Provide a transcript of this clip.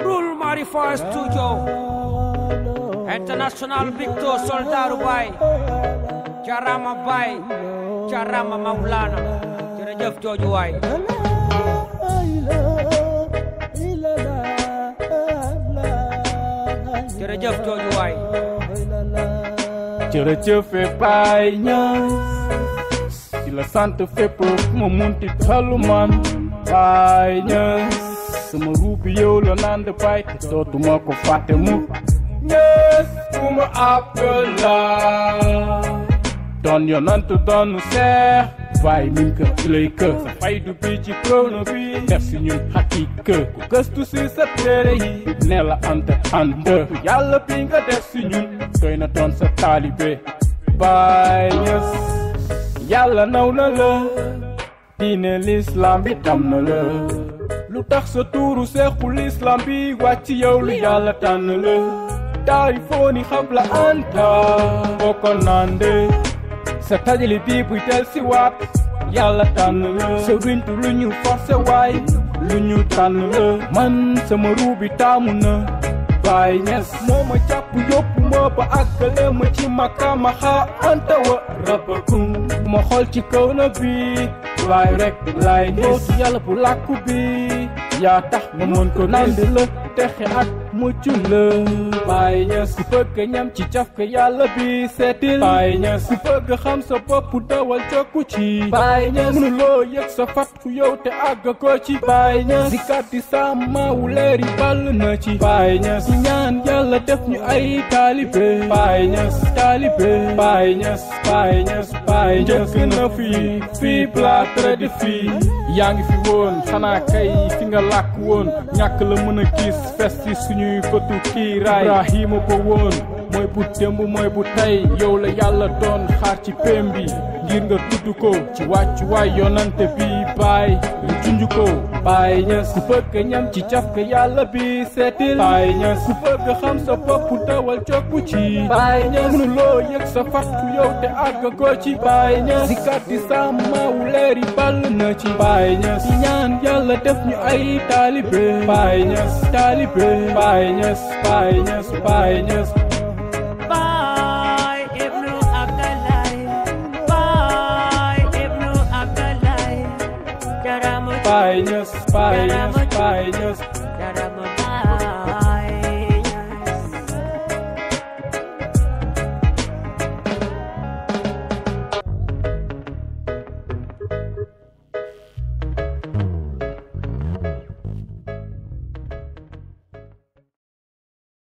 Rul Marifah Studio International Victor soldar Bay Jarama Bay Jarama Maulana Jerejef Jojo Bay Jerejef Jojo Bay Jerejef e Bay Sila Santo Fepo Momunti haluman Bay sama ruub yow la naan de bay te dootuma ko mu ñees ku ma appela doon yonantu doon seex waaye min ka lay kë sa faydu bi ci prono bi def si ñun xakki ku gëstu si sa téere yi ne la ante ante yàlla nga def si ñun doy na doon sa taalibe Baay Ñas naw na la diine lislaam bi tam na la lu tax sa tuuru seexul islam bi wàcc yow lu yàlla tànn la taarifooni xabla anta boo ko sa tajali bi buy del si waat yàlla tànn la sa wintu lu ñu forcé waay lu ñu tànn la man sama ruubi taamu na Baay Ñas moo ma jàpp yóbbu ma ba àggale ma ci makaama anta wa rabbakum ma xool ci kaw na bi laay rek laay gis yàlla bu làkku bi yaa tax ma mën ko nandi la texe ak mucculë Baye Niass ku bëgg ñam ci cafka yàlla bi seetil Baye Niass ku bëgg xam sa bopp dawal jokku ci Baye Niass mënuloo yëg sa fatku yow te ko ci Baye di kàddi sa na ci Baye ñaan yàlla def ñu ay taalibe Baay Ñas taalibe Baay Ñas Baay Ñas Baay Ñas njëkk na fii fii plâtre de fii yaa ngi fi woon xanaa kay fi nga làkk woon ñàkk la mën a gis festi suñuy bëtu kiiraay Ibrahima ko woon mooy bu démb mooy bu tey yow la yàlla doon xaar ci péem bi ngir ko ci wàccuwaay yonante bi baay ñu junj ko baay ñas ku bëgg ñam ci cafka yàlla bi seetil baay ñas ku bëgg xam sa bopp dawal jokku ci baay ñas mënuloo yëg sa fatku yow te àgg ko ci baay ñas si kàddi sàmmaawu leer yi ball na ci baay ñas ñaan yàlla def ñu ay taalibe baay ñas baay ñas baay ñas baay ñas pai, Deus, pai,